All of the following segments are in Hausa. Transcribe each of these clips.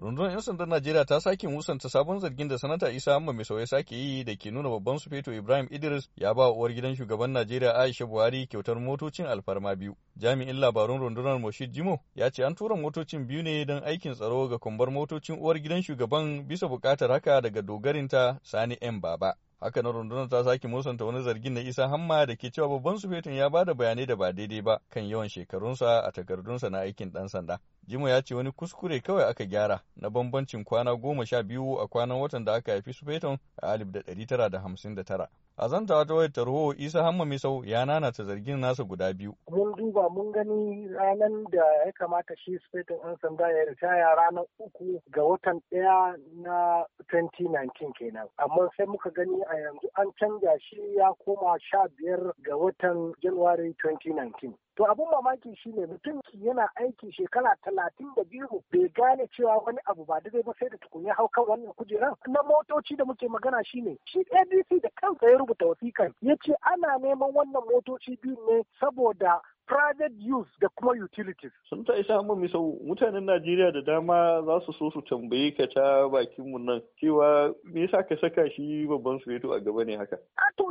rundunar 'yan sandan najeriya ta sake musanta sabon zargin da sanata isa amma mai sauye sake yi da ke nuna babban su feto ibrahim idris ya ba uwar gidan shugaban najeriya aisha buhari kyautar motocin alfarma biyu jami'in labarun rundunar moshid jimo ya ce an tura motocin biyu ne don aikin tsaro ga kwambar motocin uwar gidan shugaban bisa bukatar haka daga dogarinta sani 'yan baba haka na rundunar ta sake musanta wani zargin na isa hamma da ke cewa babban sufetin ya bada bayanai da ba daidai ba kan yawan shekarunsa a takardunsa na aikin dan sanda jimo ya ce wani kuskure kawai aka gyara na bambancin kwana goma sha biyu a kwanan watan da aka haifi sufetin a alif da ɗari tara da hamsin da tara a zantawa ta wayar tarho isa hamma mai sau ya nana nanata zargin nasa guda biyu mun duba mun gani ranar da ya kamata shi sufetin an sanda ya ritaya ranar uku ga watan ɗaya na 2019 kenan amma sai muka gani a yanzu an canja shi ya koma sha biyar ga watan Januwari 2019 To abun mamaki ne, mutum yana aiki shekara talatin da biyu bai gane cewa wani abu ba daidai ba sai da tukunya hau kan wannan kujeran. Na motoci da muke magana shi ne. shi ADC da kansa ya rubuta wasikan ya ce ana neman wannan motoci biyu ne saboda private use da kuma utilities. Sun ta isa mu misau mutanen Najeriya da dama za su so su tambayi ka ta bakin mu nan cewa me yasa ka saka shi babban sureto a gaba ne haka. A to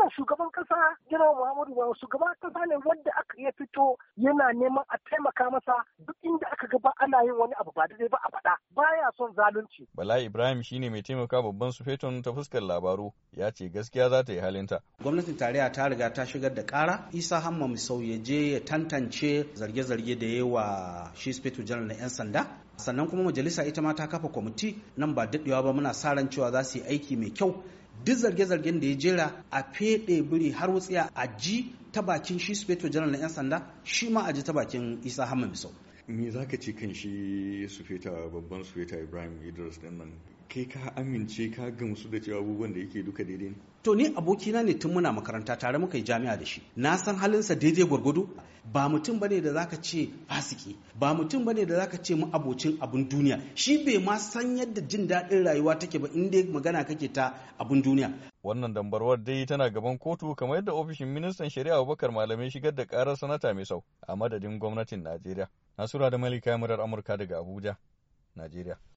wannan shugaban kasa General Muhammadu Buhari shugaban kasa ne wanda aka ya fito yana neman a taimaka masa duk inda aka ga ba ana yin wani abu ba daidai ba a faɗa baya son zalunci. Bala Ibrahim shine mai taimaka babban su feton ta fuskar labaru ya ce gaskiya za ta yi halinta. Gwamnatin tarayya ta riga ta shigar da kara Isa Hamma sau ya je ya tantance zarge-zarge da yawa wa shi fito janar na 'yan sanda sannan kuma majalisa ita ma ta kafa kwamiti nan ba daɗewa ba muna sa ran cewa za su yi aiki mai kyau duk zarge-zargen da ya jera a feɗe biri har wutsiya a ji ta bakin shi speto janar na 'yan sanda shi ma a ji ta bakin isa hamma misau me za ka ce kan shi sufeta babban sufeta ibrahim idris din nan kai ka amince ka gamsu da cewa abubuwan da yake duka daidai ne to ni abokina ne tun muna makaranta tare muka yi jami'a da shi na san halinsa daidai gwargwado ba mutum bane da zaka ce fasiki ba mutum bane da zaka ce abocin abun duniya shi bai ma san yadda jin daɗin rayuwa take ba in dai magana kake ta abun duniya wannan dambarwar dai tana gaban kotu kamar yadda ofishin ministan shari'a Abubakar Malamai shigar da karar sanata mai sau a madadin gwamnatin Najeriya Nasura da Malika Murar Amurka daga Abuja Najeriya